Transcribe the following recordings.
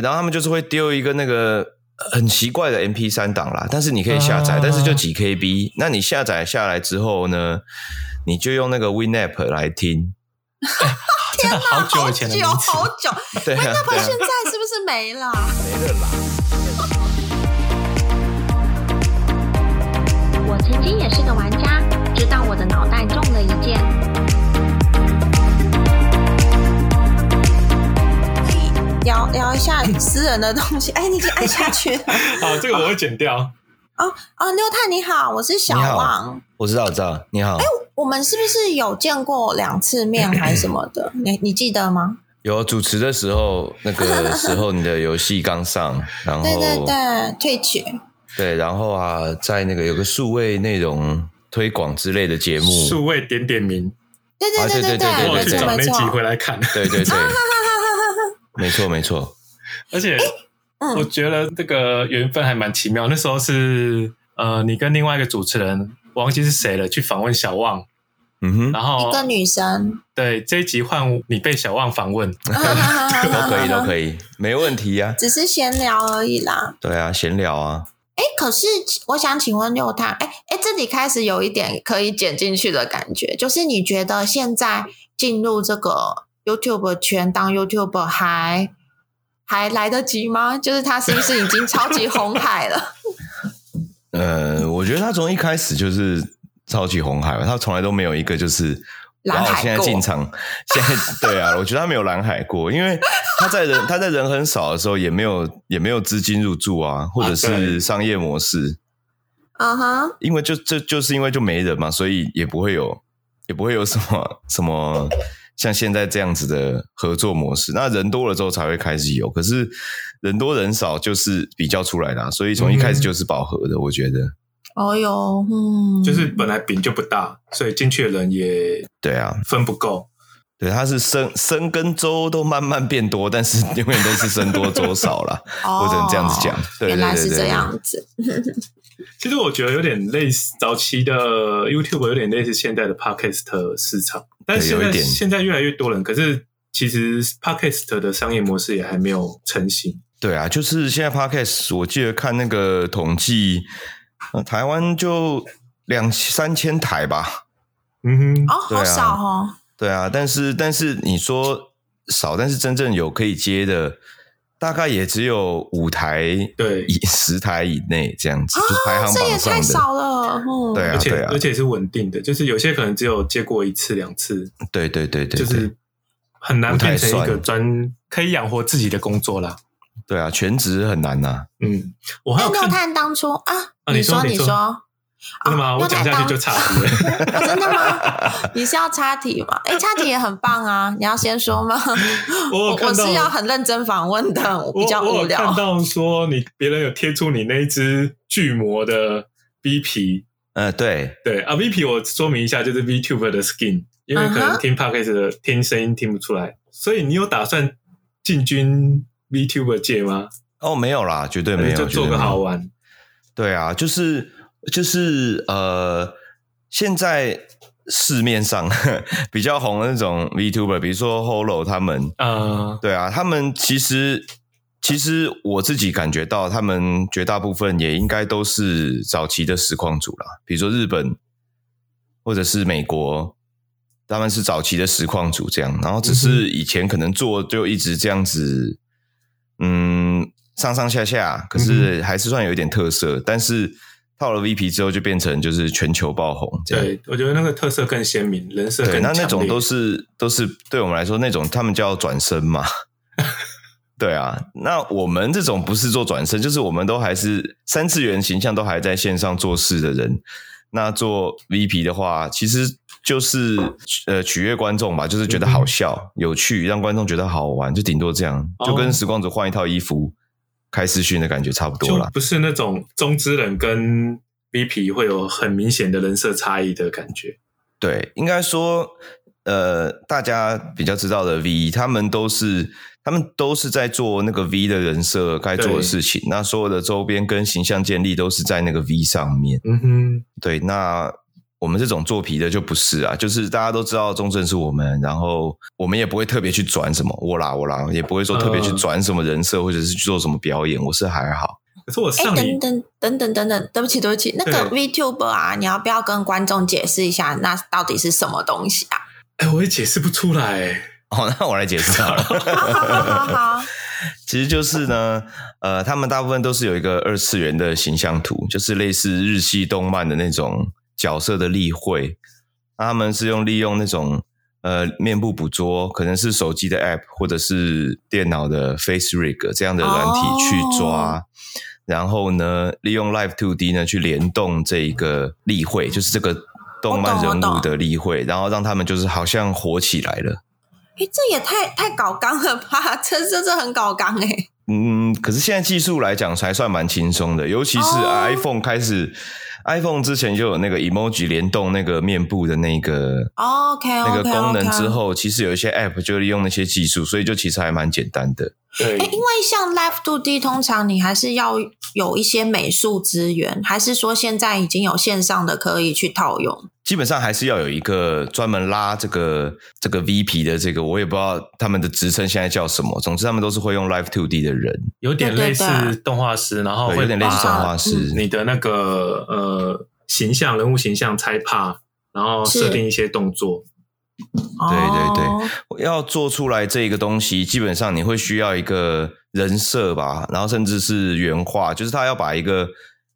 對，然後他們就是會丟一個那個很奇怪的 MP3 檔啦，但是你可以下載，啊、但是就幾 KB。那你下載下來之後呢，你就用那個 Winamp 來聽。天哪，好久好久，Winamp 現在是不是沒了？沒了啦。聊，聊一下私人的東西，哎、欸，你已經按下去了。 好，這個我會剪掉。哦哦，六嘆，你好，我是小王。我知道，我知道。你好。哎、欸，我們是不是有見過兩次面還是什麼的？ 你你記得嗎？有主持的時候，那個時候你的遊戲剛上， 然後對對對，退群。對，然後啊，在那個有個數位內容推廣之類的節目，數位點點名。對對對對對、啊、對對、對、對、對我去找媒體回來看。對、對對對。哈哈哈。沒錯，沒錯，而且我覺得這個緣分還蠻奇妙。欸嗯、那時候是呃，你跟另外一個主持人，我忘記是誰了，去訪問小旺，嗯哼，然後一個女生，對，這一集換你被小旺訪問，都可以，都可以，沒問題呀、啊，只是閒聊而已啦。對啊，閒聊啊。哎、欸，可是我想請問六嘆，哎、欸、哎、欸，這裡開始有一點可以剪進去的感覺，就是你覺得現在進入這個。YouTube 全當 YouTuber 海還，還來得及嗎？就是他是不是已經超級紅海了？ 呃，我覺得他從一開始就是超級紅海了，他從來都沒有一個就是藍海。現在進場，海 現在對啊，我覺得他沒有藍海過，因為他在人 他在人很少的時候也沒有也沒有資金入駐啊，或者是商業模式。嗯哼、okay. uh-huh. 因為就就就是因為就沒人嘛，所以也不會有也不會有什麼什麼。像現在這樣子的合作模式，那人多了之後才會開始有。可是人多人少就是比較出來啦，啊，所以從一開始就是飽和的。嗯、我覺得，哦喲、哎，嗯，就是本來餅就不大，所以進去的人也對啊，分不夠。對，它是僧僧跟粥都慢慢變多，但是永遠都是僧多粥少啦。 我只能這樣子講。原來是這樣子。其實我覺得有點類似早期的 YouTube，有點類似現在的 Podcast 市場，但是現在有一點，現在越來越多人。可是其實 Podcast 的商業模式也還沒有成型。對啊，就是現在 Podcast，我記得看那個統計，呃、台灣就兩三千台吧。嗯哼，啊、哦，好少哦。對啊，但是但是你說少，但是真正有可以接的，大概也只有五台，對，十台以內這樣子，排行榜上也太少了。對啊，對啊，而且是穩定的，就是有些可能只有接過一次、兩次。對對對對，就是很難變成一個專可以養活自己的工作啦。對啊，全職很難吶。嗯，我還有看當初啊，你說你說。真的嗎？啊、我講下去就插題了。真的嗎？ 你是要插題嗎？哎、欸，插題也很棒啊！你要先說嗎？我我,我是要很認真訪問的，我比較無聊。看到說你別人有貼出你那一隻巨魔的 V P。呃，對對，啊 V P 我說明一下，就是 V tuber 的 skin，因為可能聽 Podcast 的聽聲音聽不出來，uh huh、所以你有打算進軍 V tuber 界嗎？哦，沒有啦，絕對沒有，就做個好玩。對,對啊，就是。就是呃，現在市面上呵比較紅的那種 VTuber，比如說 Holo 他們，啊、uh. 嗯，對啊，他們其實其實我自己感覺到，他們絕大部分也應該都是早期的實況主啦，比如說日本或者是美國，他們是早期的實況主，這樣，然後只是以前可能做就一直這樣子，嗯，哼嗯，上上下下，可是還是算有一點特色，嗯、哼但是。到了 VP 之後就變成就是全球爆紅，對，我覺得那個特色更鮮明，人設更鮮明，對。那那種都是都是對我們來說那種他們叫轉身嘛， 對啊。那我們這種不是做轉身，就是我們都還是三次元形象都還在線上做事的人。那做 VP 的話，其實就是、嗯、呃取悅觀眾吧，就是覺得好笑有趣，讓觀眾覺得好玩，就頂多這樣，就跟時光者換一套衣服。哦開視訊的感覺差不多了，不是那種中之人跟 V P 會有很明顯的人設差異的感覺。對，應該說，呃，大家比較知道的 V，他們都是他們都是在做那個 V 的人設該做的事情，對那所有的周邊跟形象建立都是在那個 V 上面。嗯哼，對，那。我們這種做皮的就不是啊，就是大家都知道中正是我們，然後我們也不會特別去轉什麼，我啦我啦，也不會說特別去轉什麼人設、呃、或者是去做什麼表演，我是還好。可是我上、欸，等等等等等等，等等，對不起對不起，對那個 VTuber 啊，你要不要跟觀眾解釋一下，那到底是什麼東西啊？哎、欸，我也解釋不出來、欸。哦，那我來解釋好了。 好、好、好、好，其實就是呢，呃，他們大部分都是有一個二次元的形象圖，就是類似日系動漫的那種。角色的立繪、啊，他們是用利用那種呃面部捕捉，可能是手機的 App 或者是電腦的 Face Rig 這樣的軟體去抓，oh. 然後呢，利用 Live2D 呢去聯動這一個立繪，就是這個動漫人物的立繪，oh, oh, oh. 然後讓他們就是好像火起來了。哎，這也太太搞剛了吧？這這這很搞剛哎、欸。嗯，可是現在技術來講，還算蠻輕鬆的，尤其是 iPhone 開始。Oh. iPhone 之前就有那個 emoji 聯動那個面部的那個、oh，OK，okay 那個功能之後，okay, okay. 其實有一些 app 就利用那些技術，所以就其實還蠻簡單的。對、欸，因為像 Live2D，通常你還是要。有一些美術資源，還是說現在已經有線上的可以去套用？基本上還是要有一個專門拉這個這個 V P 的這個，我也不知道他們的職稱現在叫什麼？總之，他們都是會用 Live2D 的人，有點類似動畫師，然後會有點類似動畫師，你的那個呃形象、人物形象猜怕，然後設定一些動作。對對對，oh. 要做出來這個東西，基本上你會需要一個人設吧，然後甚至是原畫，就是他要把一個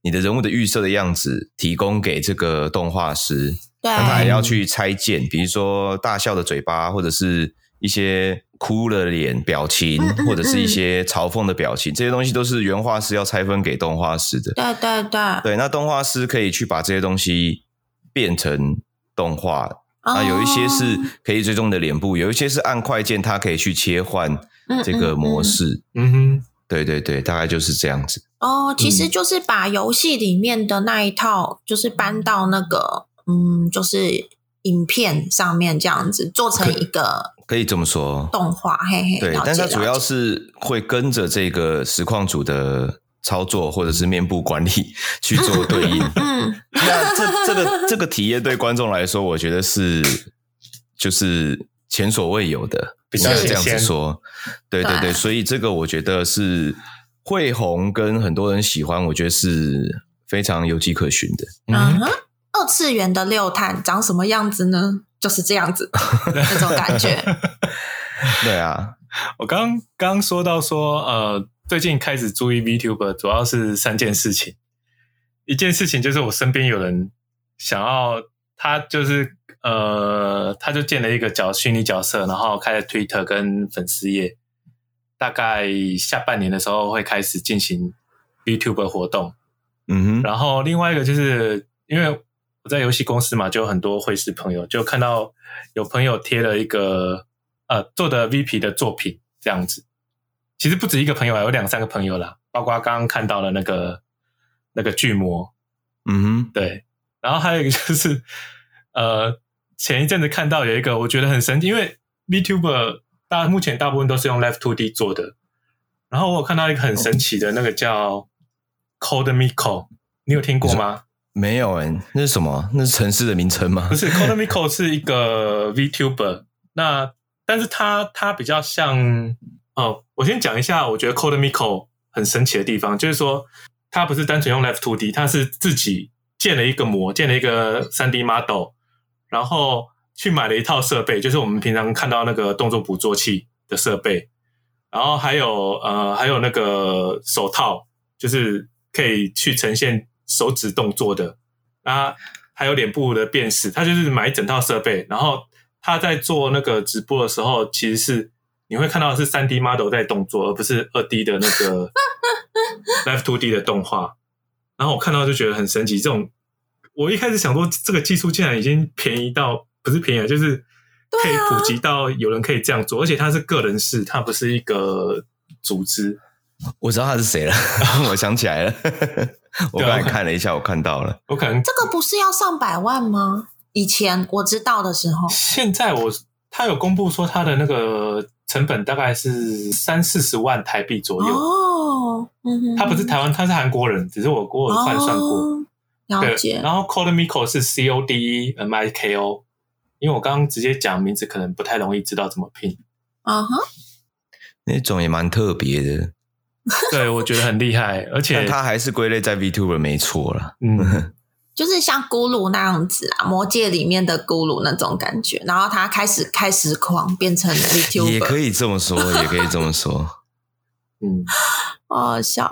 你的人物的預設的樣子提供給這個動畫師，那對他還要去拆解，比如說大笑的嘴巴，或者是一些哭了臉表情，嗯嗯嗯，或者是一些嘲諷的表情，這些東西都是原畫師要拆分給動畫師的。對，對，對，對，那動畫師可以去把這些東西變成動畫。啊，有一些是可以追蹤的臉部，有一些是按快鍵，它可以去切換這個模式。嗯，嗯，嗯，對對對，大概就是這樣子。哦，其實就是把遊戲裡面的那一套，就是搬到那個，嗯，嗯，就是影片上面這樣子，做成一個可，可以這麼說，動畫，嘿嘿。對，但是它主要是會跟着這個實況主的操作或者是面部管理去做對應， 那這這個這個體驗對觀眾來說，我覺得是 就是前所未有的，比較、啊、這樣子說，啊、對對對，對所以這個我覺得是會紅跟很多人喜歡，我覺得是非常有跡可循的。嗯哼，uh、huh, 二次元的六嘆長什麼樣子呢？就是這樣子這 種感覺。 對啊，我剛剛說到說呃。最近開始注意 VTuber，主要是三件事情。一件事情就是我身邊有人想要，他就是呃，他就建了一個角虛擬角色，然後開了 Twitter 跟粉絲頁，大概下半年的時候會開始進行 VTuber 活動，嗯哼。然後另外一個就是因為我在遊戲公司嘛，就有很多繪師朋友，就看到有朋友貼了一個呃做的 VP 的作品這樣子。其實不止一個朋友啊，有兩三個朋友啦，包括剛剛看到了那個那個巨魔，嗯哼，對。然後還有一個就是，呃，前一陣子看到有一個我覺得很神奇，因為 Vtuber 大目前大部分都是用 Live2D 做的，然後我有看到一個很神奇的那個叫 CodeMiko 你有聽過嗎？沒有哎、欸，那是什麼、啊？那是城市的名稱嗎？不是 CodeMiko 是一個 Vtuber，那但是他他比較像哦。我先講一下，我覺得 CodeMiko 很神奇的地方，就是說他不是單純用 Live 2D，他是自己建了一個模，建了一個三 D model，然後去買了一套設備，就是我們平常看到那個動作捕捉器的設備，然後還有呃，還有那個手套，就是可以去呈現手指動作的啊，還有臉部的辨識，他就是買一整套設備，然後他在做那個直播的時候，其實是。你會看到的是 3D model 在動作，而不是 2D 的那個 Live2D 的動畫。 然後我看到就覺得很神奇。這種我一開始想說，這個技術竟然已經便宜到，不是便宜，就是可以普及到有人可以這樣做。啊、而且它是個人式，它不是一個組織。我知道他是誰了， 我想起來了。 我剛才看了一下，我看到了。我可能，這個不是要上百萬嗎？以前我知道的時候，現在我他有公布說他的那個。成本大概是三四十萬台幣左右。哦，嗯哼，他不是台灣，他是韓國人，只是我給人換算過、哦，了解。對。然後 CodeMiko 是 C O D E M I K O，因為我剛剛直接講名字，可能不太容易知道怎麼拼。啊哈、哦哼，那種也蠻特別的，對我覺得很厲害， 而且他還是歸類在 VTuber 沒錯了。嗯哼。就是像咕嚕那樣子啊，魔戒裡面的咕嚕那種感覺，然後他開始開始狂變成 YouTuber 也可以這麼說，也可以這麼說。 嗯，好，好笑。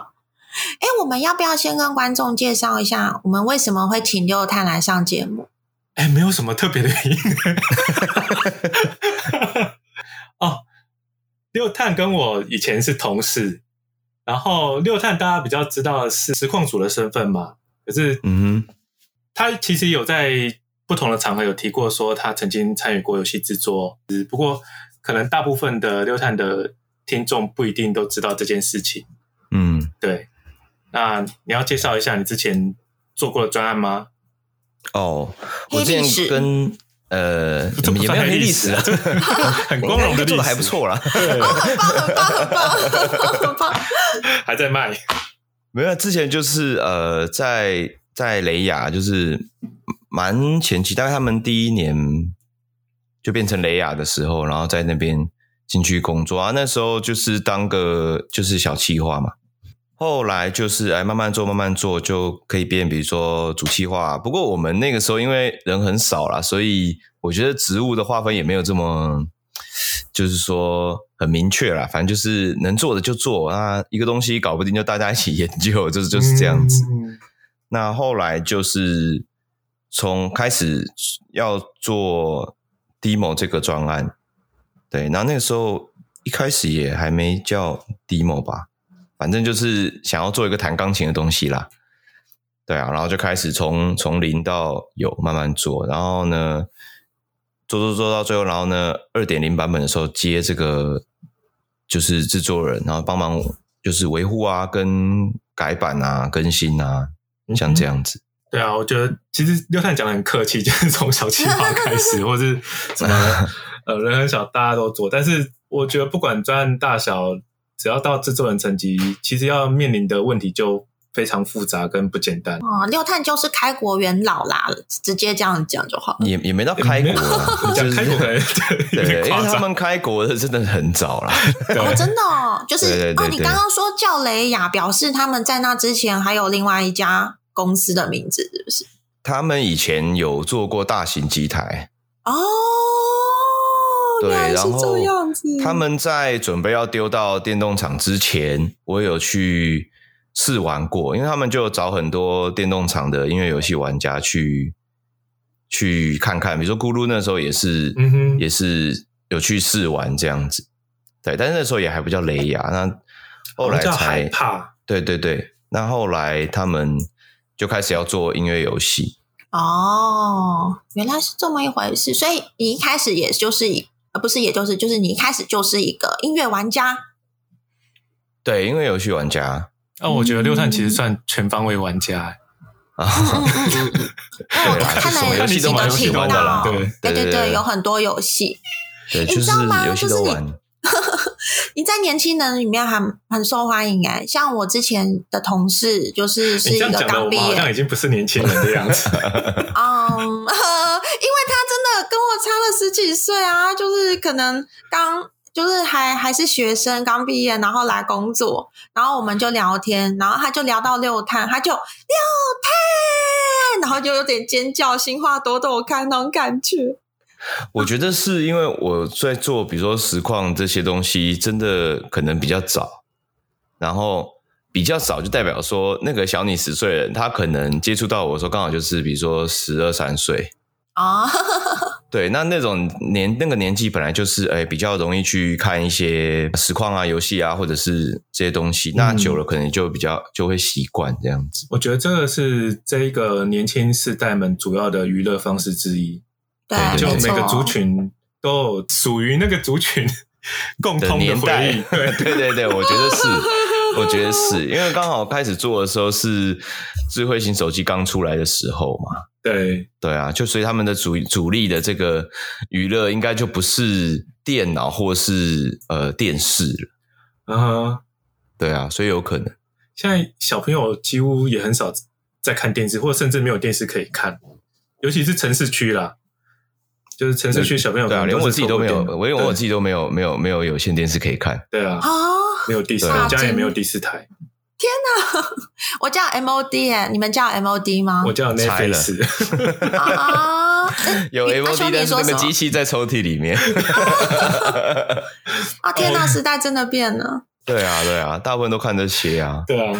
哎、欸，我們要不要先跟觀眾介紹一下，我們為什麼會請六嘆來上節目？哎、欸，沒有什麼特別的原因。 哦，六嘆跟我以前是同事，然後六嘆大家比較知道的是實況主的身份嘛，可是嗯。他其實有在不同的場合有提過，說他曾經參與過遊戲制作，只不過可能大部分的六嘆的聽眾不一定都知道這件事情。嗯，對。那你要介紹一下你之前做過的專案嗎？哦，我之前是跟呃，怎麼也沒有黑歷史啊，很光榮的，做的還不錯了？棒棒棒棒棒，還在賣？沒有，之前就是呃，在。在雷亞就是蠻前期，大概他們第一年就變成雷亞的時候，然後在那邊進去工作啊。那時候就是當個就是小企劃嘛。後來就是哎慢慢做慢慢做就可以變，比如說主企劃啊。不過我們那個時候因為人很少啦，所以我覺得職務的劃分也沒有這麼就是說很明確啦。反正就是能做的就做啊，一個東西搞不定就大家一起研究，就就是這樣子。嗯那後來就是從開始要做 Deemo 這個專案，對，然後那個時候一開始也還沒叫 Deemo 吧，反正就是想要做一個彈鋼琴的東西啦，對啊，然後就開始從從零到有慢慢做，然後呢，做做做到最後，然後呢，二點零版本的時候接這個就是製作人，然後幫忙就是維護啊，跟改版啊，更新啊。像、嗯、這樣子、嗯？對啊，我覺得其實六嘆講得很客氣，就是從小企劃開始， 或是什麼 呃，人很少，大家都做。但是我覺得不管專案大小，只要到製作人層級，其實要面臨的問題就。非常複雜跟不簡單啊、哦！六嘆就是開國元老啦，直接這樣講就好。也也沒到開國，欸就是 開國就有點誇張，對，因為他們開國的真的很早啦。對哦，真的哦，就是對對對對哦。你剛剛說叫雷亞，表示他們在那之前還有另外一家公司的名字，是不是？他們以前有做過大型機台哦。對，是這樣子。然後他們在準備要丟到電動廠之前，我有去。試玩過，因為他們就找很多電動廠的音樂遊戲玩家去去看看，比如說咕嚕那時候也是，嗯哼，也是有去試玩這樣子。對，但是那時候也還不叫雷雅，那後來才怕。對對對，那後來他們就開始要做音樂遊戲。哦，原來是這麼一回事，所以你一開始也就是，不是也就是，就是你一開始就是一個音樂玩家。對，音樂遊戲玩家。那、啊、我覺得六嘆其實算全方位玩家，欸嗯，啊， 對啊啦，就看來道有很多遊戲，對，你，欸欸、知道嗎，就是你呵呵你在年輕人裡面很很受歡迎哎，欸，像我之前的同事就是是一個剛畢業，你這樣講的我好像已經不是年輕人的樣子，嗯、 um, 呃，因為他真的跟我差了十幾歲啊，就是可能剛。就是還還是學生剛畢業，然後來工作，然後我們就聊天，然後他就聊到六嘆，他就六嘆，然後就有點尖叫，心花朵朵開那種感覺。我覺得是因為我在做，比如說實況這些東西，真的可能比較早，然後比較早就代表說那個小你十歲人，他可能接觸到我的時候，剛好就是，比如說十二三歲啊。 對，那那種年那個年紀本來就是誒、哎，比較容易去看一些實況啊、遊戲啊，或者是這些東西。嗯、那久了可能就比較就會習慣這樣子。我覺得這個是這一個年輕世代們主要的娛樂方式之一。對，對，就每個族群都有屬於那個族群共通的年代。對對對對，對，我覺得是， 我覺得是因為剛好開始做的時候是智慧型手機剛出來的時候嘛。對對啊，就所以他們的主主力的這個娛樂應該就不是電腦或是呃電視了啊哈，對啊，所以有可能現在小朋友幾乎也很少在看電視，或甚至沒有電視可以看，尤其是城市區啦，就是城市區小朋友都對對、啊、連我自己都沒有，我有對我自己都沒有對沒有沒有，沒有有線電視可以看，對啊啊，哦、沒有第四台、啊、也沒有第四台。天哪，我叫 MOD 哎，你們叫 MOD 嗎？我叫 Netflix 的。啊，有 MOD 的那個機器在抽屜裡面 啊。啊天哪，oh, 時代真的變了。對啊，對啊，大部分都看這些啊。 對啊。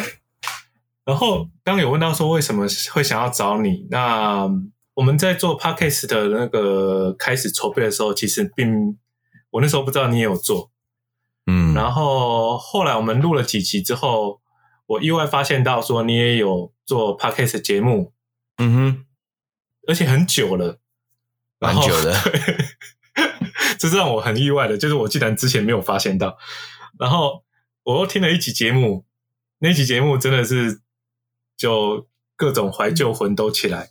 然後剛，剛有問到說為什麼會想要找你？那我們在做 Podcast 的那個開始籌備的時候，其實並我那時候不知道你也有做。嗯。然後後來我們錄了幾集之後。我意外發現到說，你也有做 podcast 節目，嗯哼，而且很久了，蠻久了。 這是讓我很意外的，就是我竟然之前沒有發現到，然後我又聽了一集節目，那集節目真的是就各種懷舊魂都起來，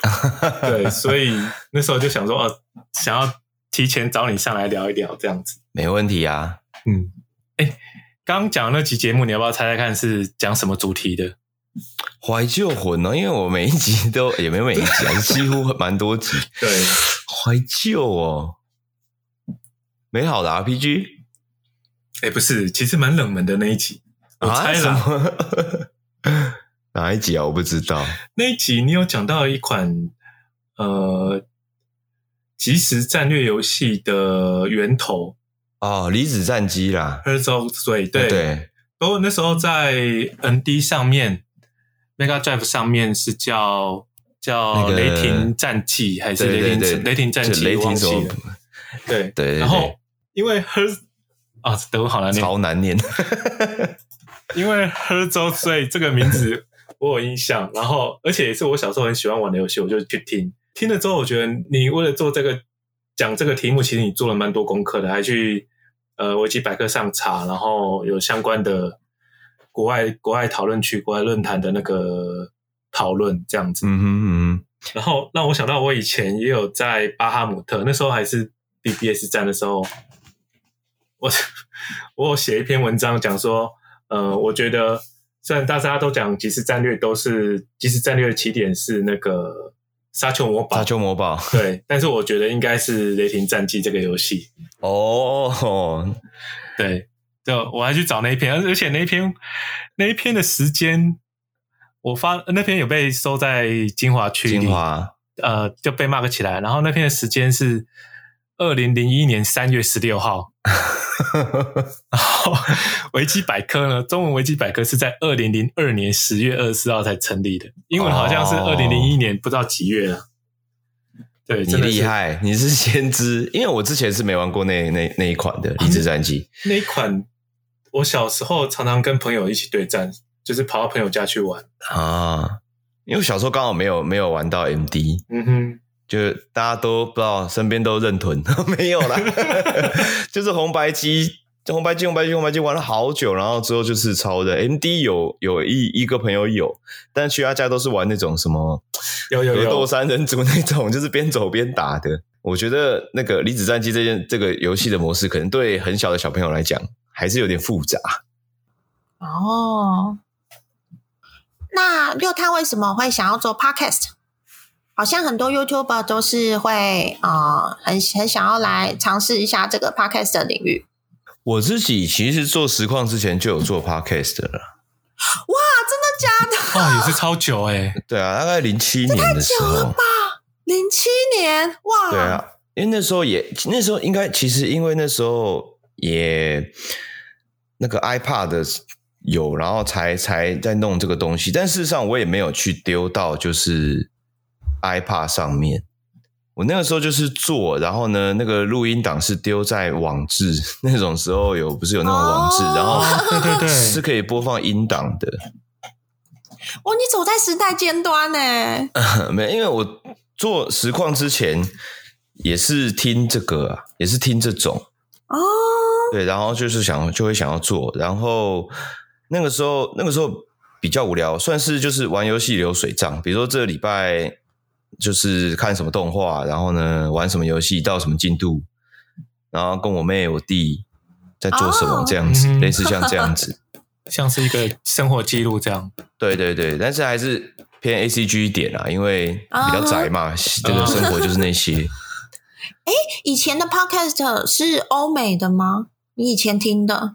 對，所以那時候就想說，哦，想要提前找你上來聊一聊，這樣子，沒問題啊，嗯，欸剛講那期節目，你要不要猜猜看是講什麼主題的？懷舊魂哦、啊，因為我每一集都也沒有每一集，對幾乎蠻多集。對，懷舊哦，美好的 RPG。誒、欸、不是，其實蠻冷門的那一集，啊、我猜了。哪一集啊？我不知道。那一集你有講到一款呃即時戰略遊戲的源頭。哦，離子戰機啦，Herzog Zwei 對對。不過對那時候在 ND 上面，Mega Drive 上面是叫叫雷霆戰機、那個、還是雷霆對對對、雷霆戰機？雷霆戰機，對對，對對。然後因為 Herz 啊，等會好難念，超難念。 因為 Herzog Zwei 這個名字我有印象， 然後而且也是我小時候很喜歡玩的遊戲，我就去聽聽了之後，我覺得你為了做這個講這個題目，其實你做了蠻多功課的，還去。呃，維基百科上查，然後有相關的國外國外討論區、國外論壇的那個討論這樣子。嗯哼，嗯哼，然後讓我想到，我以前也有在巴哈姆特，那時候還是 BBS 站的時候，我我有寫一篇文章講說，呃，我覺得雖然大家都講，即時戰略都是，即時戰略的起點是那個。沙丘魔堡，沙丘魔堡，對，但是我覺得應該是《雷霆戰機》這個遊戲哦。對，就我還去找那一篇，而且那一篇那一篇的時間，我發那篇有被收在精華區，精華華呃就被 mark 起來，然後那篇的時間是二零零一年三月十六號。 然後維基百科呢，中文維基百科是在二零零二年十月二十四號才成立的，英文好像是二零零一年不知道幾月了。哦、對，你厲害，你是先知，因為我之前是沒玩過那那那一款的移植戰機、啊。那一款，我小時候常常跟朋友一起對戰，就是跑到朋友家去玩啊。因為小時候剛好沒有沒有玩到 MD。嗯哼。就是大家都不知道，身邊都認同，沒有啦 就是紅白機，紅白機，紅白機，紅白機玩了好久，然後之後就是超的 M D 有有一一個朋友有，但其他家都是玩那種什麼格鬥三人組那種，就是邊走邊打的。我覺得那個離子戰機這件這個遊戲的模式，可能對很小的小朋友來講還是有點複雜。哦，那六嘆為什麼會想要做 Podcast？好像很多 YouTuber 都是會啊、呃，很很想要來嘗試一下這個 Podcast 的領域。我自己其實做實況之前就有做 Podcast 了。哇，真的假的？哇，也是超久哎、欸。對啊，大概零七年的時候。零七年？哇。對啊，因為那時候也那時候應該其實因為那時候也那個 iPod 有，然後才才在弄這個東西。但事實上我也沒有去丟到，就是。iPad 上面，我那個時候就是做，然後呢，那個錄音檔是丟在網誌那種時候有，不是有那種網誌，oh、然後對對對， 是可以播放音檔的。哦，oh，你走在時代尖端呢、欸？沒有， 因為我做實況之前也是聽這個、啊，也是聽這種哦。Oh、對，然後就是想就會想要做，然後那個時候那個時候比較無聊，算是就是玩遊戲流水賬，比如說這個禮拜。就是看什麼動畫，然後呢，玩什麼遊戲到什麼進度，然後跟我妹我弟在做什麼這樣子，oh. 類似像這樣子， 像是一個生活記錄這樣。對對對，但是還是偏 ACG 一點啊，因為比較宅嘛，這個生活就是那些。哎、 欸，以前的 Podcast 是歐美的嗎？你以前聽的？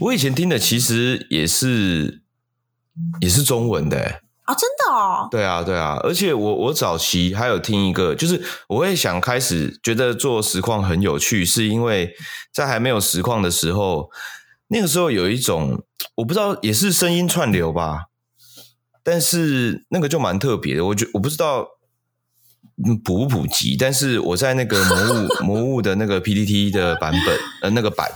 我以前聽的其實也是也是中文的、欸。啊，真的哦！對啊，對啊，而且我我早期還有聽一個，就是我會想開始覺得做實況很有趣，是因為在還沒有實況的時候，那個時候有一種我不知道也是聲音串流吧，但是那個就蠻特別的，我覺得我不知道、嗯、普不普及，但是我在那個魔物 魔物，物的那個 PTT 的版本 呃那個版。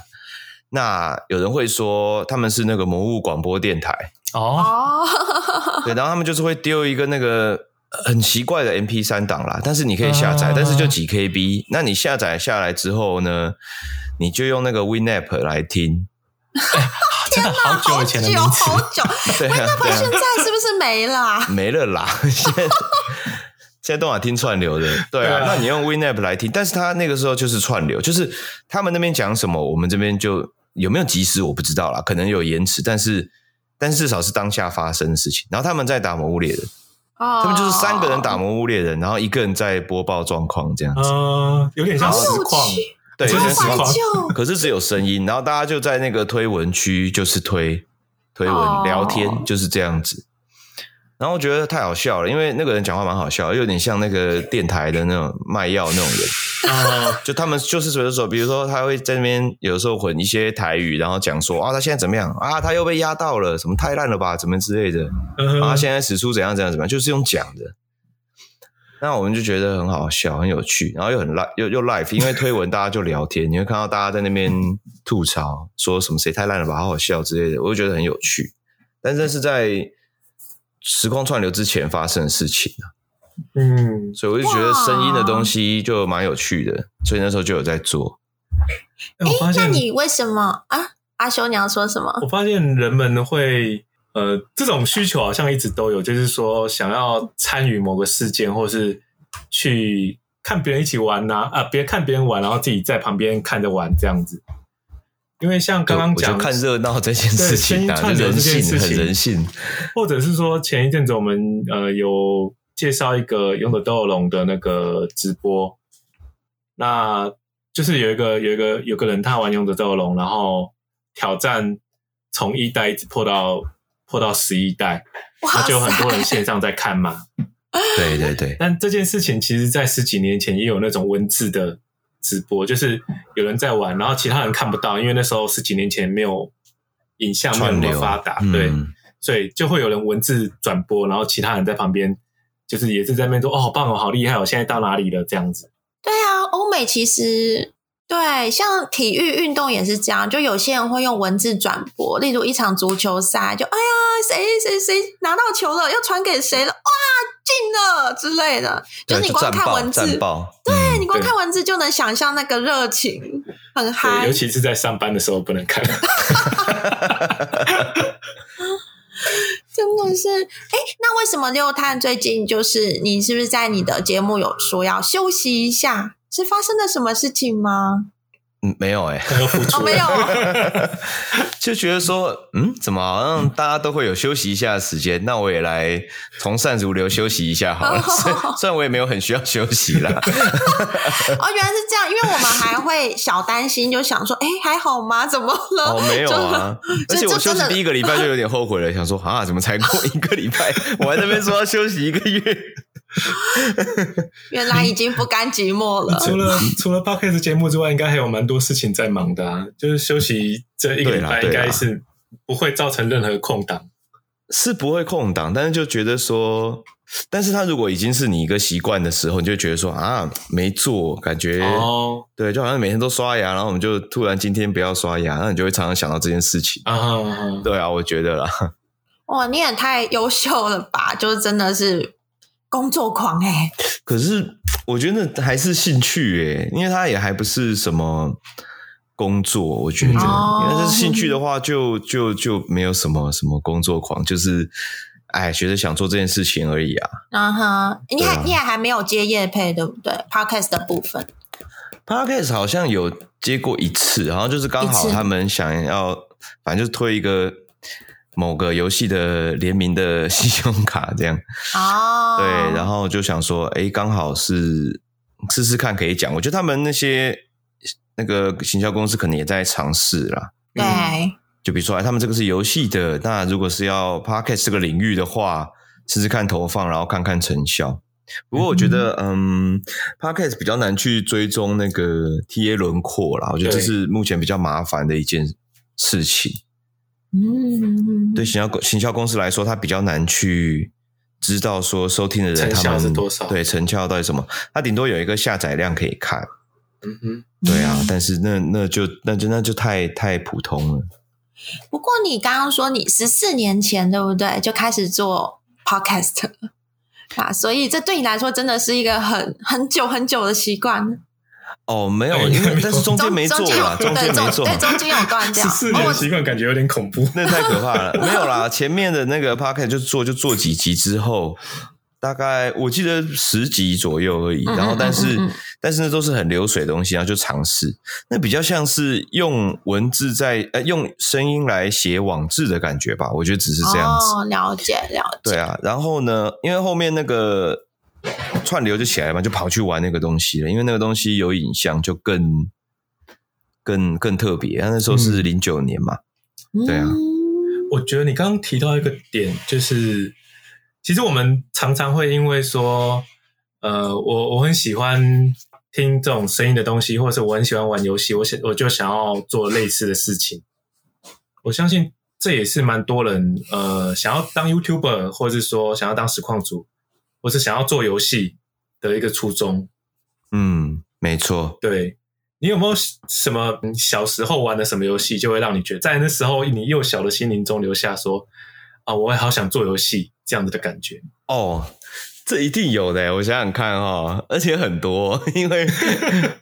那有人會說他們是那個魔物廣播電台哦，oh. 對，然後他們就是會丟一個那個很奇怪的 MP3 檔啦，但是你可以下載，uh. 但是就幾 KB。那你下載下來之後呢，你就用那個 Winamp 來聽。欸，天哪，好久以前。好久，Winamp 現在是不是沒了？沒了啦，現在 現在都想聽串流的。對啊，對啊，那你用 Winamp 來聽，但是他那個時候就是串流，就是他們那邊講什麼，我們這邊就。有沒有及時我不知道啦，可能有延遲，但是但是，至少是當下發生的事情。然後他們在打魔物獵人，oh. 他們就是三個人打魔物獵人，然後一個人在播報狀況這樣子，uh, 有點像實況，對，像是實況，可是只有聲音，然後大家就在那個推文區就是推推文，oh. 聊天，就是這樣子。然後我覺得太好笑了，因為那個人講話蠻好笑，有點像那個電台的那種賣藥那種人。 uh huh. 就他們就是有的時候，比如說他會在那邊有時候混一些台語，然後講說啊，他現在怎麼樣啊？他又被壓到了，什麼太爛了吧，怎麼之類的。然他、uh huh. 啊、現在使出怎樣怎樣怎麼樣，就是用講的。那我們就覺得很好笑，很有趣，然後又很又又 live，因為推文大家就聊天， 你會看到大家在那邊吐槽，說什麼誰太爛了吧，好好笑之類的，我就覺得很有趣。但是這是在。時空串流之前發生的事情，嗯，所以我就覺得聲音的東西就蠻有趣的，哇所以那時候就有在做。哎、欸欸，那你為什麼啊？阿修你要說什麼？我發現人們會呃，這種需求好像一直都有，就是說想要參與某個事件，或是去看別人一起玩吶啊，別、呃、看別人玩，然後自己在旁邊看着玩這樣子。因為像剛剛講，就看熱鬧這件事情，事情人性很人性。或者是說，前一陣子我們呃有介紹一個勇者鬥惡龍的那個直播，那就是有一個有一個有個人他玩勇者鬥惡龍，然後挑戰從一代一直破到破到十一代，哇塞。那就有很多人線上在看嘛。對對對，但這件事情其實，在十幾年前也有那種文字的。直播就是有人在玩，然後其他人看不到，因為那時候十幾年前沒有影像那麼發達，嗯、對，所以就會有人文字轉播，然後其他人在旁邊，就是也是在那邊說：“哦，好棒哦，好厲害哦，現在到哪裡了？”這樣子。對啊，歐美其實對，像體育運動也是這樣，就有些人會用文字轉播，例如一場足球賽，就哎呀，誰，誰誰誰拿到球了，要傳給誰了，哇，進了之類的，對就是你光看文字，對。嗯你光看文字就能想象那個熱情，對很嗨 high。尤其是在上班的時候不能看， 真的是。哎、欸，那為什麼六嘆最近就是你是不是在你的節目有說要休息一下？是發生了什麼事情嗎？嗯、欸哦，沒有哎，沒有，就覺得說，嗯，怎麼好、啊、像大家都會有休息一下的時間，那我也來從善如流休息一下好了。雖然、嗯哦、我也沒有很需要休息啦。 哦，原來是這樣，因為我們還會小擔心，就想說，哎、欸，還好嗎？怎麼了？哦，沒有啊。了而且我休息第一個禮拜就有點後悔了，想說啊，怎麼才過一個禮拜， 我還在那邊說要休息一個月。 原來已經不甘寂寞了, 除了。除了除了 podcast 節目之外，應該還有蠻多事情在忙的、啊。就是休息這一個禮拜，應該是不會造成任何空檔，是不會空檔。但是就覺得說，但是他如果已經是你一個習慣的時候，你就覺得說啊，沒做，感覺、哦、對，就好像每天都刷牙，然後我們就突然今天不要刷牙，那你就會常常想到這件事情。哦、對啊，我覺得啦。哇、哦，你也太優秀了吧！就是真的是。工作狂哎、欸，可是我覺得還是興趣哎、欸，因為他也還不是什麼工作，我覺得，覺得，但、哦、是興趣的話就，就就就沒有什麼什麼工作狂，就是哎，覺得想做這件事情而已啊。啊哈、嗯，你還、啊、你還還沒有接業配對不對？Podcast 的部分，Podcast 好像有接過一次，然後就是剛好他們想要，反正次就是推一個。某個遊戲的聯名的信用卡這樣哦，oh. 對，然後就想說，誒，剛好是試試看可以講。我覺得他們那些那個行銷公司可能也在嘗試啦。對。就比如說、哎，他們這個是遊戲的，那如果是要 podcast 這個領域的話，試試看投放，然後看看成效。不過我覺得，嗯，podcast、嗯、比較難去追蹤那個 TA 輪廓啦，我覺得這是目前比較麻煩的一件事情。嗯，嗯對行銷行銷公司來說，他比較難去知道說收聽的人他們對成效到底什麼，他頂多有一個下載量可以看。嗯,嗯對啊，但是那那就那就那就,那就太太普通了。不過你剛剛說你十四年前對不對？就開始做 podcast 啊，所以這對你來說真的是一個很很久很久的習慣。哦，沒有，欸、但是中間沒做了、啊，中間沒做、啊對，對，中間有斷掉。十四年的習慣感覺有點恐怖，哦、那太可怕了。 沒有啦，前面的那個 podcast 就做，就做幾集之後， 大概我記得十集左右而已。然後，但是嗯嗯嗯嗯但是那都是很流水的東西，然後就嘗試，那比較像是用文字在呃用聲音來寫網志的感覺吧。我覺得只是這樣子，哦、了解了解。對啊，然後呢，因為後面那個。串流就起來嘛，就跑去玩那個東西了，因為那個東西有影像，就更更更特別。那時候是零九年嘛，嗯、對啊。我覺得你剛剛提到一個點，就是其實我們常常會因為說，呃，我我很喜歡聽這種聲音的東西，或者是我很喜歡玩遊戲，我想我就想要做類似的事情。我相信這也是蠻多人呃想要當 YouTuber，或者是說想要當實況主。我是想要做遊戲的一個初衷。嗯，沒錯。對。你有沒有什麼小時候玩的什麼遊戲，就會讓你覺得在那時候你幼小的心靈中留下說啊，我也好想做遊戲這樣子的感覺？哦，這一定有的。我想想看哈、哦，而且很多，因為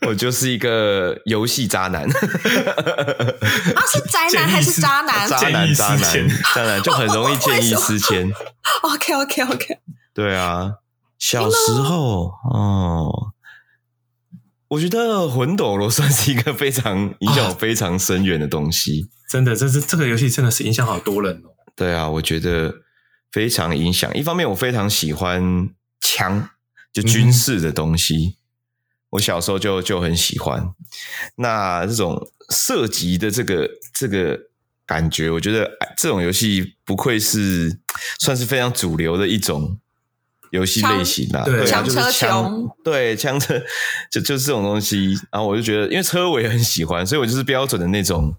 我就是一個遊戲渣男。 啊，是宅男還是渣男？渣男，渣男，渣男，就很容易見異我建議 思遷。 OK，OK，OK、okay, okay, okay。對啊，小時候了哦，我覺得《魂斗羅》算是一個非常影響我非常深遠的東西，啊。真的，這是這個遊戲，真的是影響好多人哦。對啊，我覺得非常影響。一方面，我非常喜歡槍，就軍事的東西。嗯、哼我小時候就就很喜歡。那這種射擊的這個這個感覺，我覺得這種遊戲不愧是算是非常主流的一種。遊戲類型啦，對，就是槍，對，槍對車，就就這種東西。然後我就覺得，因為車我也很喜歡，所以我就是標準的那種，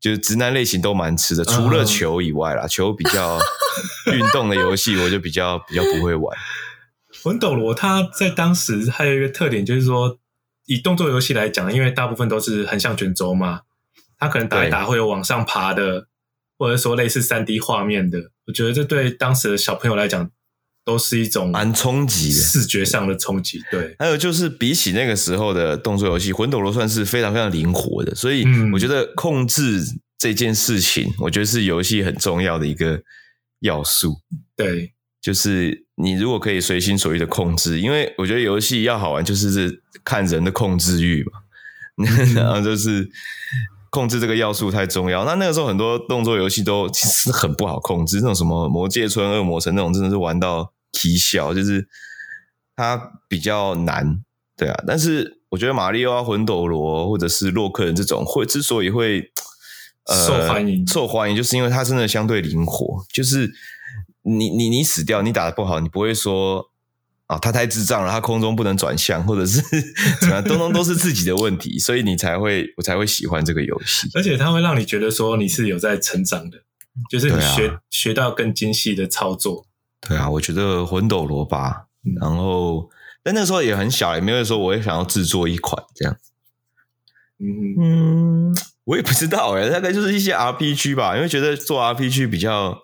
就是直男類型都蠻吃的，嗯、除了球以外啦，球比較運動的遊戲，我就比較 比較不會玩。魂斗羅，它在當時還有一個特點，就是說以動作遊戲來講，因為大部分都是橫向卷軸嘛，它可能打一打會有往上爬的，對或者說類似三 D 畫面的。我覺得這對當時的小朋友來講，都是一種蠻衝擊的視覺上的衝擊，對。還有就是比起那個時候的動作遊戲，《魂斗羅》算是非常非常靈活的，所以我覺得控制這件事情，嗯、我覺得是遊戲很重要的一個要素。對，就是你如果可以隨心所欲的控制，因為我覺得遊戲要好玩，就是看人的控制欲嘛，嗯、 然後就是控制這個要素太重要。那那個時候很多動作遊戲都其實很不好控制，那種什麼《魔界村》《惡魔城》那種，真的是玩到。技巧，就是它比較難，對啊。但是我覺得《馬里奧》《魂斗羅》或者是《洛克人》這種會之所以會呃受歡迎，受歡迎，就是因為它真的相對靈活。就是你你你死掉，你打得不好，你不會說啊，他太智障了，他空中不能轉向，或者是怎 麼樣，東東都是自己的問題， 所以你才會我才會喜歡這個遊戲。而且它會讓你覺得說你是有在成長的，就是你學、啊、學到更精細的操作。對啊，我覺得魂斗羅吧，嗯、然後但那時候也很小，也沒有說我也想要製作一款這樣，嗯，我也不知道哎，大概就是一些 RPG 吧，因為覺得做 RPG 比較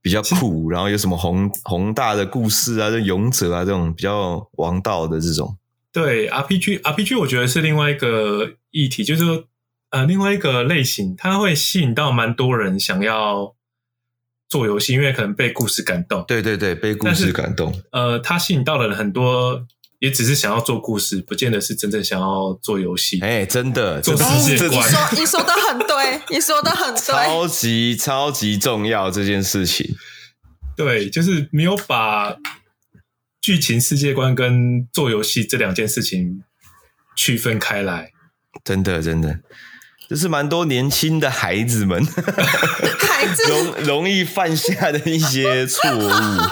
比較酷，是然後有什麼宏宏大的故事啊，就勇者啊這種比較王道的這種。對 RPG，RPG RPG 我覺得是另外一個議題，就是說呃，另外一個類型，它會吸引到蠻多人想要。做遊戲，因為可能被故事感動。對對對，被故事感動。呃，它吸引到了很多，也只是想要做故事，不見得是真正想要做遊戲。哎、欸，真的，真的，做世界觀。哦，你說的很對， 你說的很對，超級超級重要這件事情。對，就是沒有把劇情世界觀跟做遊戲這兩件事情區分開來，真的，真的。是蠻多年輕的孩子們，容孩子 容易犯下的一些錯誤。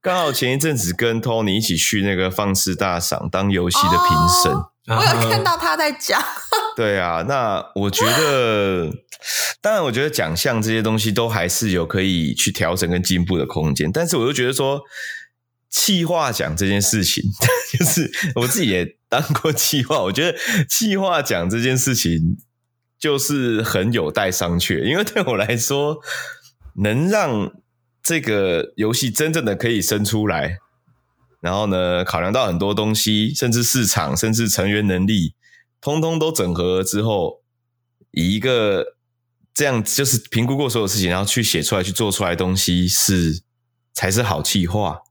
剛好前一陣子跟 Tony 一起去那個放視大賞當遊戲的評審，我有看到他在講。對啊，那我覺得，當然，我覺得獎項這些東西都還是有可以去調整跟進步的空間。但是，我又覺得說，企劃獎這件事情，就是我自己也當過企劃，我覺得企劃獎這件事情。就是很有待商榷，因為對我來說，能讓這個遊戲真正的可以生出來，然後呢，考量到很多東西，甚至市場，甚至成員能力，通通都整合了之後，以一個這樣就是評估過所有事情，然後去寫出來，去做出來的東西是才是好企劃。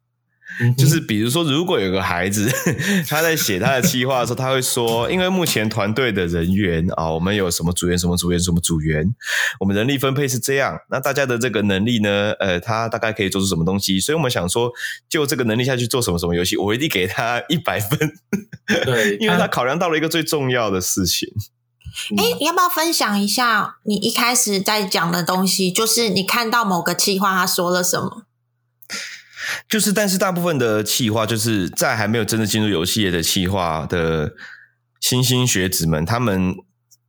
就是比如說，如果有個孩子 他在寫他的企劃的時候， 他會說，因為目前團隊的人員啊、哦，我們有什麼組員，什麼組員，什麼組員，我們人力分配是這樣。那大家的這個能力呢，呃，他大概可以做出什麼東西？所以我們想說，就這個能力下去做什麼什麼遊戲，我一定給他一百分。 對，因為他考量到了一個最重要的事情。哎他、嗯欸，你要不要分享一下你一開始在講的東西？就是你看到某個企劃，他說了什麼？就是，但是大部分的企劃，就是在還沒有真的進入遊戲業的企劃的莘莘學子們，他們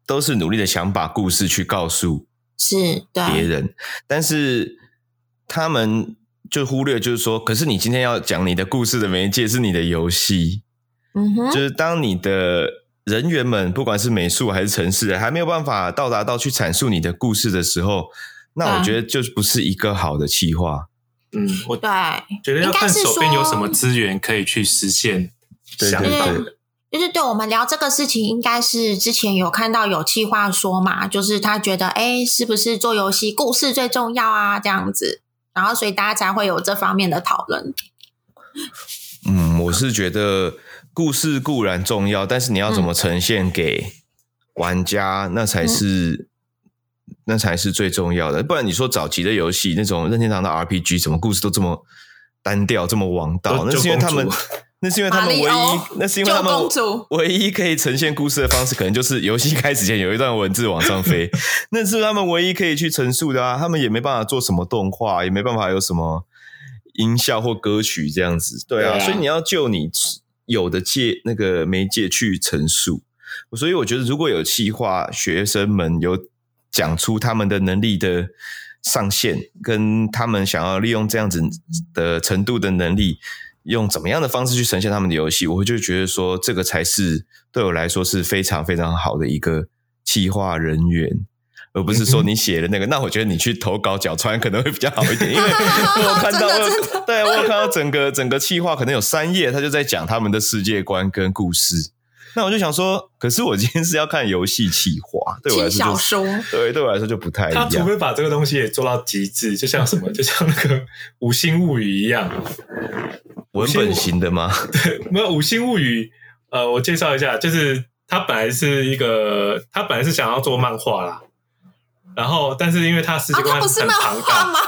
都是努力的想把故事去告訴是對別人，是的但是他們就忽略，就是說，可是你今天要講你的故事的媒介是你的遊戲，嗯哼，就是當你的人員們不管是美術還是程式人，還沒有辦法到達到去闡述你的故事的時候，那我覺得就是不是一個好的企劃。啊嗯，我對，要看手邊有什麼資源可以去實現想法的，就是對我們聊這個事情，應該是之前有看到有企劃說嘛，就是他覺得誒、欸、是不是做遊戲故事最重要啊這樣子，嗯、然後所以大家才會有這方面的討論。嗯，我是覺得故事固然重要，但是你要怎麼呈現給玩家，嗯、那才是。那才是最重要的，不然你說早期的遊戲那種任天堂的 RPG，什麼故事都這麼單調，這麼王道？哦、那是因為他們，那是因為他們唯一，那是因為他們唯一可以呈現故事的方式，可能就是遊戲開始前有一段文字往上飛。 那是，是他們唯一可以去陳述的啊，他們也沒辦法做什麼動畫，也沒辦法有什麼音效或歌曲這樣子。對啊，對啊，所以你要就你有的借，那個媒介去陳述。所以我覺得如果有企劃，學生們有。講出他們的能力的上限，跟他們想要利用這樣子的程度的能力，用怎麼樣的方式去呈現他們的遊戲，我就覺得說這個才是對我來說是非常非常好的一個企劃人員，而不是說你寫的那個。 那我覺得你去投稿角川可能會比較好一點，因為我看到我有 對我看到整個整個企劃可能有三頁，他就在講他們的世界觀跟故事。那我就想說，可是我今天是要看遊戲企劃，啊、對我來說，小說，對，對我來說就不太一樣。他除非把這個東西也做到極致，就像什麼，就像那個《五星物語》一樣，文本型的嗎？對，沒有《五星物語》。呃，我介紹一下，就是他本來是一個，他本來是想要做漫畫啦，然後，但是因為是很、啊、他世界觀不是漫畫嘛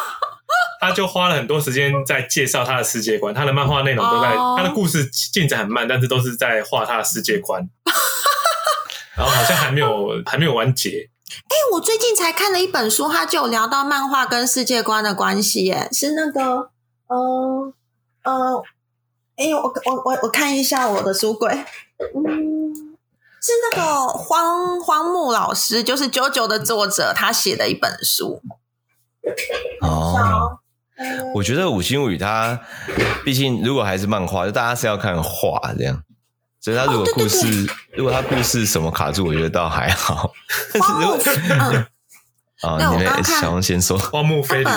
他就花了很多時間在介紹他的世界觀，他的漫畫內容都在、oh. 他的故事進展很慢，但是都是在畫他的世界觀， 然後好像還沒有、oh. 還沒有完結、欸。我最近才看了一本書，他就有聊到漫畫跟世界觀的關係，哎，是那個，呃哎、呃欸，我我我我看一下我的書櫃，嗯，是那個荒荒木老師，就是《JoJo》的作者，他寫的一本書哦。Oh. 我覺得《五星物語》它畢竟如果還是漫畫，就大家是要看畫這樣，所以他如果故事、哦、對對對，如果他故事什麼卡住，我覺得倒還好。荒木啊，你們想先說？剛剛看，這本荒木飛呂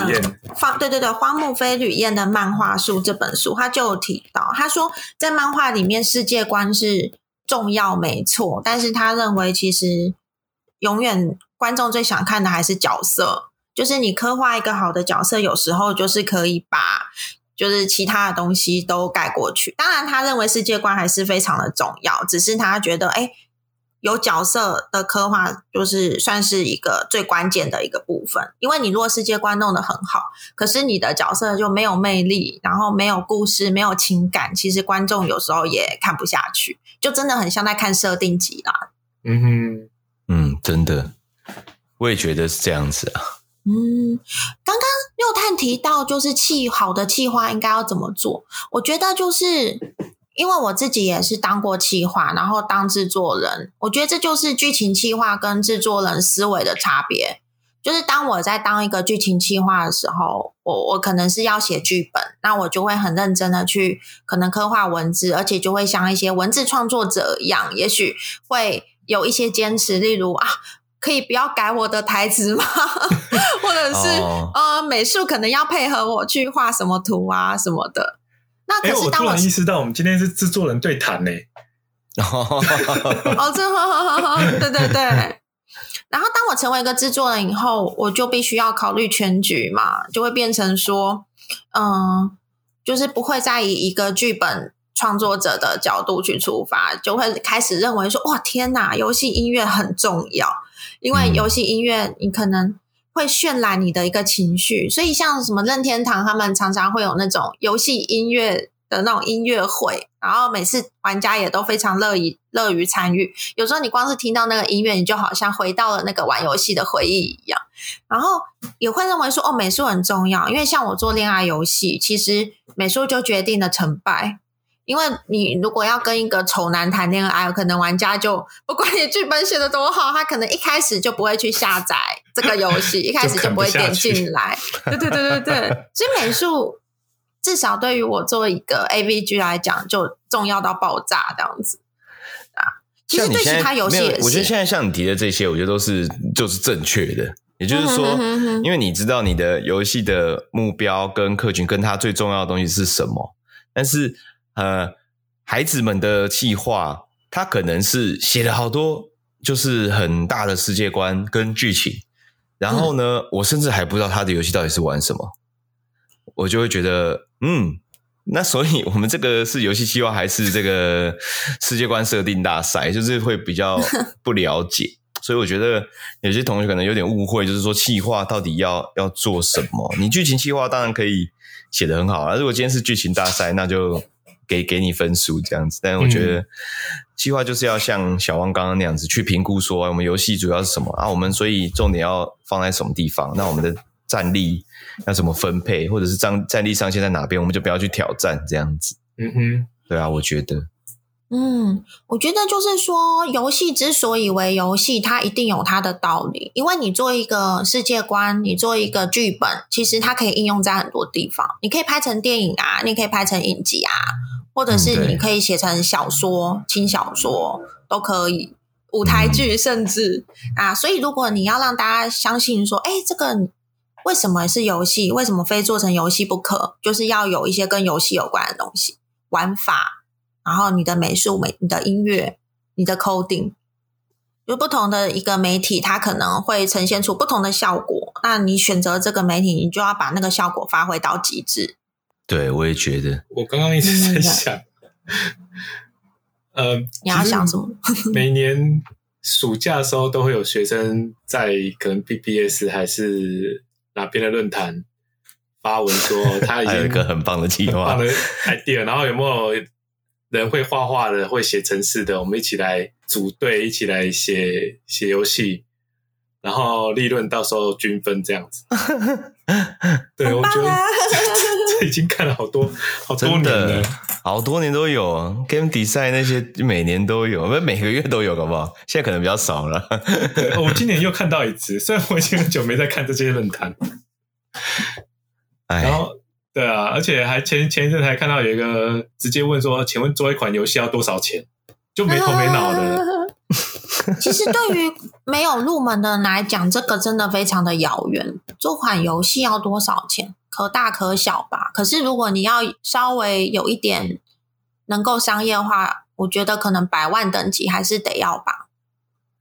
彥，對對對，荒木飛呂彥的漫畫書這本書，他就有提到，他說，在漫畫裡面世界觀是重要沒錯，但是他認為其實永遠觀眾最想看的還是角色。就是你刻畫一個好的角色，有時候就是可以把就是其他的東西都蓋過去。當然，他認為世界觀還是非常的重要，只是他覺得，哎、欸，有角色的刻畫就是算是一個最關鍵的一個部分。因為你如果世界觀弄得很好，可是你的角色就沒有魅力，然後沒有故事，沒有情感，其實觀眾有時候也看不下去，就真的很像在看設定集啦、啊。嗯哼嗯，真的，我也覺得是這樣子啊。嗯，剛剛六嘆提到，就是企劃，好的企劃應該要怎麼做？我覺得就是，因為我自己也是當過企劃然後當製作人，我覺得這就是劇情企劃跟製作人思維的差別。就是當我在當一個劇情企劃的時候，我我可能是要寫劇本，那我就會很認真的去可能刻畫文字，而且就會像一些文字創作者一樣，也許會有一些堅持，例如啊。可以不要改我的台詞嗎？ 或者是、oh. 呃，美術可能要配合我去畫什麼圖啊什麼的。那可是當我，欸、我意識到我們今天是製作人對談呢。哦，這，對對對。然後當我成為一個制作人以後，我就必須要考慮全局嘛，就會變成說，嗯，就是不會再以一個劇本創作者的角度去出發，就會開始認為說，哇，天吶，遊戲音樂很重要。因為遊戲音樂，你可能會渲染你的一個情緒，所以像什麼任天堂，他們常常會有那種遊戲音樂的那種音樂會，然後每次玩家也都非常樂意樂於參與。有時候你光是聽到那個音樂，你就好像回到了那個玩遊戲的回憶一樣。然後也會認為說，哦，美術很重要，因為像我做戀愛遊戲，其實美術就決定了成敗。因為你如果要跟一個醜男談戀愛，可能玩家就不管你劇本寫的多好，他可能一開始就不會去下載這個遊戲，一開始就不會點進來。 對，對對對對對，所以美術至少對於我做一個 AVG 來講，就重要到爆炸這樣子啊。其實對其他遊戲也是，我覺得現在像你提的這些，我覺得都是就是正確的。也就是說，呵呵呵呵，因為你知道你的遊戲的目標跟客群跟他最重要的東西是什麼，但是。呃，孩子們的企劃，他可能是寫了好多，就是很大的世界觀跟劇情。然後呢，我甚至還不知道他的遊戲到底是玩什麼，我就會覺得，嗯，那所以我們這個是遊戲企劃還是這個世界觀設定大賽？就是會比較不了解， 所以我覺得有些同學可能有點誤會，就是說企劃到底要要做什麼？你劇情企劃當然可以寫得很好啦，啊，如果今天是劇情大賽，那就。給給你分數這樣子，但是我覺得計劃就是要像小王剛剛那樣子、嗯、去評估，說我們遊戲主要是什麼啊？我們所以重點要放在什麼地方？那我們的戰力要怎麼分配，或者是戰戰力上限在哪邊，我們就不要去挑戰這樣子。嗯哼，對啊，我覺得，嗯，我覺得就是說，遊戲之所以為遊戲，它一定有它的道理，因為你做一個世界觀，你做一個劇本，其實它可以應用在很多地方，你可以拍成電影啊，你可以拍成影集啊。或者是你可以寫成小說、嗯、對、輕小說都可以，舞台劇甚至啊，所以如果你要讓大家相信說，哎、欸，這個為什麼是遊戲？為什麼非做成遊戲不可？就是要有一些跟遊戲有關的東西，玩法，然後你的美術、美、你的音樂、你的 coding，就不同的一個媒體，它可能會呈現出不同的效果。那你選擇這個媒體，你就要把那個效果發揮到極致。對，我也覺得。我剛剛一直在想，你要想什麼？嗯嗯嗯、每年暑假的時候，都會有學生在可能 BBS 還是哪邊的論壇發文說他、哎，他已經有一個很棒的計劃、idea。然後有沒有人會畫畫的，會寫程式的？我們一起來組隊，一起來寫寫遊戲，然後利潤到時候均分這樣子。對，啊、我覺得。已經看了好多好多年了，好多年都有 Game g 賽那些，每年都有，不是每個月都有，好不好？現在可能比較少了。我今年又看到一次，雖然我已經很久沒在看這些論壇。唉然後，對啊，而且還前前一陣還看到有一個直接問說：“請問做一款遊戲要多少錢？”就沒頭沒腦的。呃、其實對於沒有入門的人來講，這個真的非常的遙遠。做款遊戲要多少錢？可大可小吧，可是如果你要稍微有一點能夠商業化，我覺得可能百萬等級還是得要吧。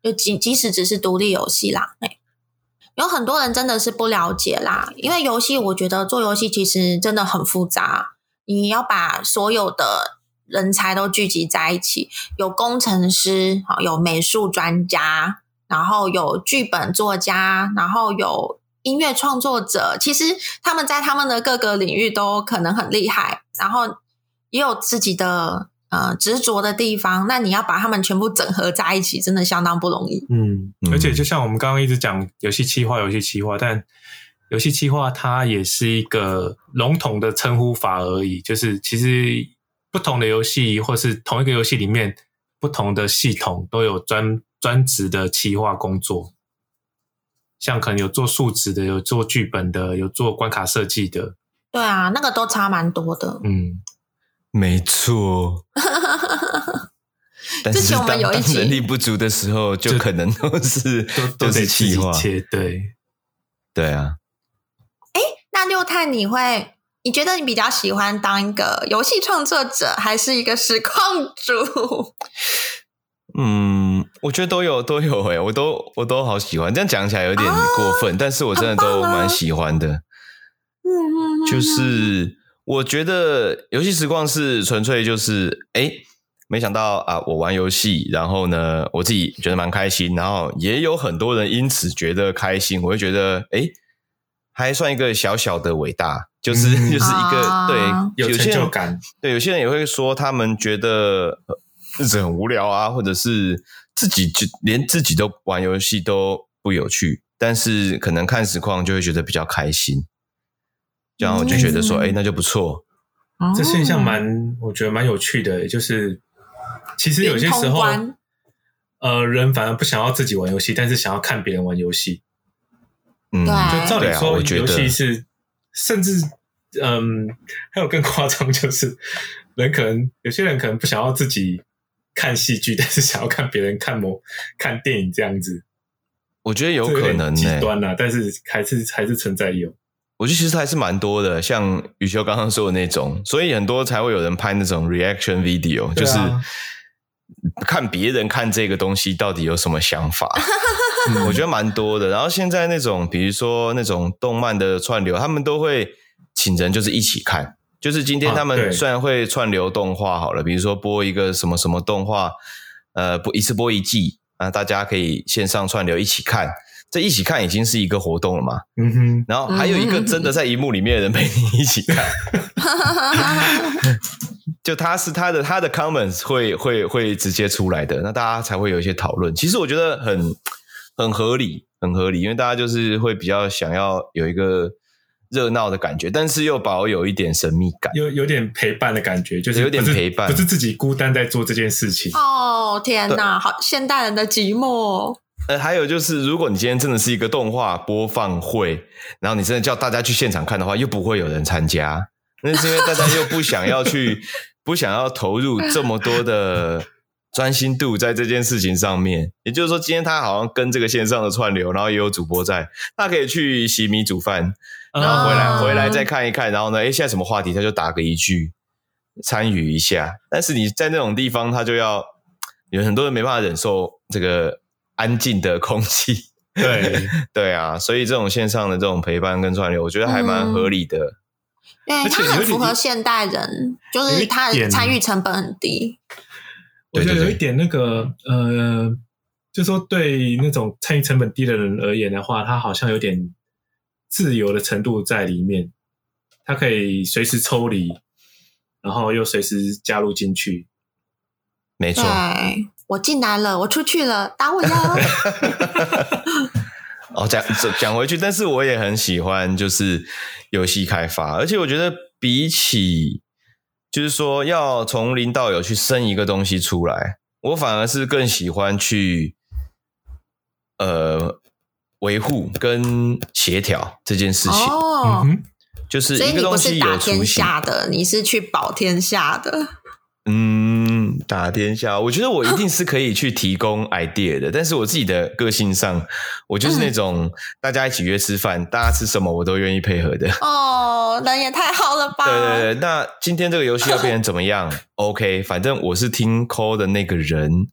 就即即使只是獨立遊戲啦，欸，有很多人真的是不了解啦，因為遊戲，我覺得做遊戲其實真的很複雜，你要把所有的人才都聚集在一起，有工程師，有美術專家，然後有劇本作家，然後有。音樂創作者其實他們在他們的各個領域都可能很厲害，然後也有自己的呃執着的地方。那你要把他們全部整合在一起，真的相當不容易。嗯，而且就像我們剛剛一直講，遊戲企劃，遊戲企劃，但遊戲企劃它也是一個籠統的稱呼法而已。就是其實不同的遊戲，或是同一個遊戲裡面不同的系統，都有專專職的企劃工作。像可能有做數值的，有做劇本的，有做關卡設計的。對啊，那個都差蠻多的。嗯，沒錯錯。 但是 之前我們有一集能力不足的時候，就可能都是都 得都是企劃。對，對啊。哎、欸，那六嘆，你會？你覺得你比較喜歡當一個遊戲創作者，還是一個實況主？ 嗯。我覺得都有都有誒、欸、我都我都好喜歡。這樣講起來有點過分，但是我真的都蠻喜歡的。就是我覺得遊戲時光是純粹就是誒、欸、沒想到啊，我玩遊戲，然後呢，我自己覺得蠻開心，然後也有很多人因此覺得開心，我會覺得誒、欸、還算一個小小的偉大，就是就是一個對有些人有對，有些人也會說他們覺得日子很無聊啊，或者是。自己就連自己都玩遊戲都不有趣，但是可能看實況就會覺得比較開心，然後就覺得說：“哎、嗯欸，那就不錯。”這現象蠻，我覺得蠻有趣的、欸，就是其實有些時候，呃，人反而不想要自己玩遊戲，但是想要看別人玩遊戲。嗯，對就照理說，遊戲、啊、是甚至嗯，還有更誇張，就是人可能有些人可能不想要自己。看戲劇，但是想要看別人看某看電影這樣子，我覺得有可能極、欸、端啦、啊，但是還是還是存在有，我覺得其實還是蠻多的，像宇修剛剛說的那種，所以很多才會有人拍那種 reaction video，就是、啊、看別人看這個東西到底有什麼想法， 我覺得蠻多的。然後現在那種比如說那種動漫的串流，他們都會請人就是一起看。就是今天他們雖然會串流動畫好了，比如說播一個什麼什麼動畫，呃，播一次播一季啊，大家可以線上串流一起看，這一起看已經是一個活動了嘛。嗯哼，然後還有一個真的在熒幕裡面的人陪你一起看，哈哈哈，就他是他的他的 comments 會會會直接出來的，那大家才會有一些討論。其實我覺得很很合理，很合理，因為大家就是會比較想要有一個。熱鬧的感覺，但是又保有一點神秘感，有有點陪伴的感覺，就是，是有點陪伴，不是自己孤單在做這件事情。哦，oh, 天哪，對好現代人的寂寞。呃，還有就是，如果你今天真的是一個動畫播放會，然後你真的叫大家去現場看的話，又不會有人參加，那是因為大家又不想要去， 不想要投入這麼多的。專心度在這件事情上面，也就是說，今天他好像跟這個線上的串流，然後也有主播在，他可以去洗米煮飯，然後回來回來再看一看，然後呢，哎，現在什麼話題，他就打個一句，參與一下。但是你在那種地方，他就要有很多人沒辦法忍受這個安靜的空氣。嗯、對對啊，所以這種線上的這種陪伴跟串流，我覺得還蠻合理的。對，他很符合現代人，就是他的參與成本很低。對對對，我覺得有一點那個，呃，就是說對那種參與成本低的人而言的話，他好像有點自由的程度在裡面，他可以隨時抽離，然後又隨時加入進去。沒錯，我進來了，我出去了，打我呀！哦，講講回去，但是我也很喜歡就是遊戲開發，而且我覺得比起。就是說，要從零到有去生一個東西出來，我反而是更喜歡去，呃，維護跟協調這件事情。哦，就是一個東西有雛形，你不是打天下的，你是去保天下的。嗯，打天下，我覺得我一定是可以去提供 idea 的，呵呵，但是我自己的個性上，我就是那種、嗯、大家一起約吃飯，大家吃什麼我都願意配合的。哦，人也太好了吧！對對對，那今天這個遊戲要變成怎麼樣呵呵。OK，反正我是聽 call 的那個人。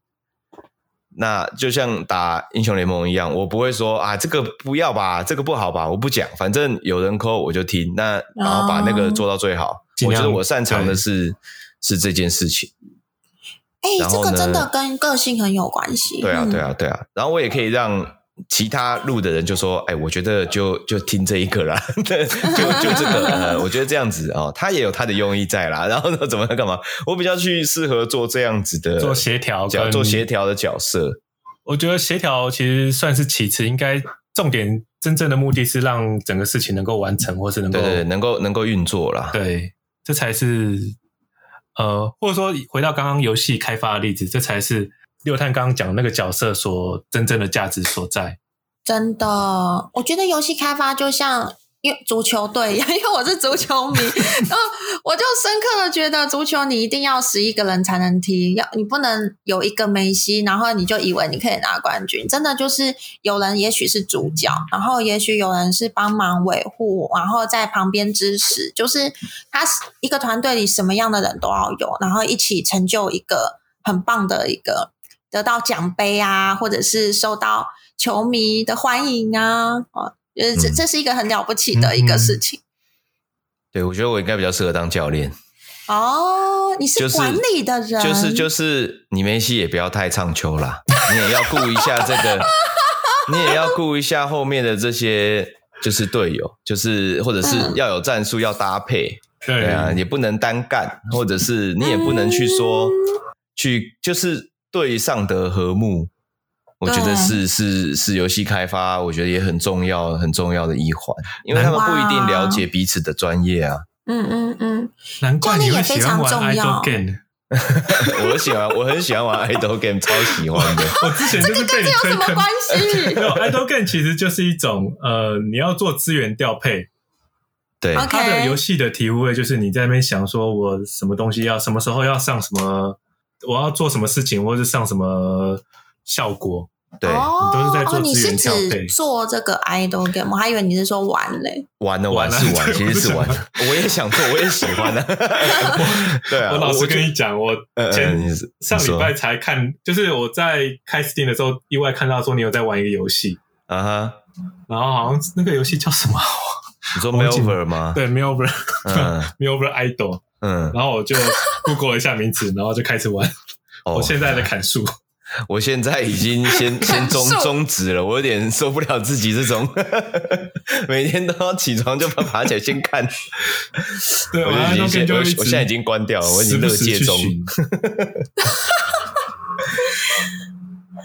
那就像打英雄聯盟一樣，我不會說啊，這個不要吧，這個不好吧，我不講，反正有人 call 我就聽，那然後把那個做到最好。嗯、我覺得我擅長的是。嗯是這件事情，哎誒，這個真的跟個性很有關係。對啊，嗯、對啊，對啊。然後我也可以讓其他路的人就說：“哎，我覺得就就聽這一個啦。 」對，就就這個 我覺得這樣子哦，他也有他的用意在啦。然後呢，怎麼樣幹嘛？我比較去適合做這樣子的，做協調跟做協調的角色。我覺得協調其實算是其次，應該重點真正的目的是讓整個事情能夠完成，或是能夠對對能夠能夠運作啦。對，這才是。呃，或者說回到剛剛遊戲開發的例子，這才是六嘆剛剛講的那個角色所真正的價值所在。真的，我覺得遊戲開發就像。因為足球隊，因為我是足球迷，然後我就深刻的覺得，足球你一定要十一個人才能踢，要你不能有一個梅西，然後你就以為你可以拿冠軍。真的就是有人也許是主角，然後也許有人是幫忙維護，然後在旁邊支持，就是他是一個團隊裡什麼樣的人都要有，然後一起成就一個很棒的一個得到獎杯啊，或者是受到球迷的歡迎啊，哦。呃，就是這、嗯、這是一個很了不起的一個事情、嗯。對，我覺得我應該比較適合當教練。哦，你是管理的人，就是、就是、就是，你梅西，也不要太唱秋啦，你也要顧一下這個， 你也要顧一下後面的這些，就是隊友，就是或者是要有戰術要搭配，嗯、對啊，對也不能單幹，或者是你也不能去說、嗯、去，就是隊上的和睦。我覺得是對是是遊戲開發，我覺得也很重要，很重要的一環，因為他們不一定了解彼此的專業啊。嗯嗯、啊、嗯，嗯嗯難怪你會喜歡玩，玩 idol game。 我喜歡， 我很喜歡玩 idol game，超喜歡的。 我之前就是跟你有什麼關係？idol game 其實就是一種呃，你要做資源調配。對，Okay. 它的遊戲的體會就是你在那邊想說，我什麼東西要什麼時候要上什麼，我要做什麼事情，或者是上什麼效果。對，都是在做資源調配。你是指做這個 idol game，我還以為你是說玩嘞。玩的玩是玩，其實是玩。我也想做，我也喜歡的。對啊，我老實跟你講，我前上禮拜才看，就是我在開 steam 的時候，意外看到說你有在玩一個遊戲啊哈。然後好像那個遊戲叫什麼？你說 milver 嗎？對，milver，milver idol。嗯，然後我就 google 一下名字，然後就開始玩。我現在在砍樹。我現在已經先先中終，說終止了，我有點受不了自己這種每天都要起床就爬起來先看。 對，我已經、啊、我現在已經關掉了， 關掉了，我已經樂界中。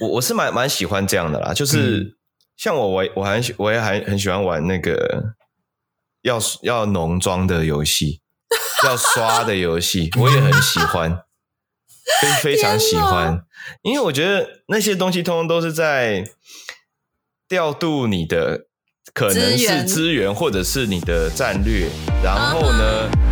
我 我是蠻蠻喜歡這樣的啦，就是、嗯、像我我我還我也還很喜歡玩那個要要濃妝的遊戲，要刷的遊戲，我也很喜歡。 非常喜歡，哪因為我覺得那些東西通常都是在調度你的可能是資源，或者是你的戰略，源然後呢？Uh huh.